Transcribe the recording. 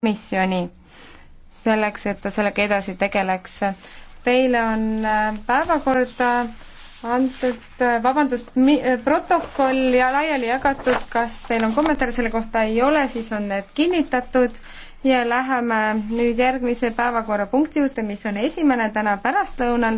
komisjoni selleks, et ta sellega edasi tegeleks. Teile on äh, päevakorda antud, äh, vabandust, äh, protokoll ja laiali jagatud, kas teil on kommentaare selle kohta, ei ole, siis on need kinnitatud ja läheme nüüd järgmise päevakorrapunkti juurde, mis on esimene täna pärastlõunal.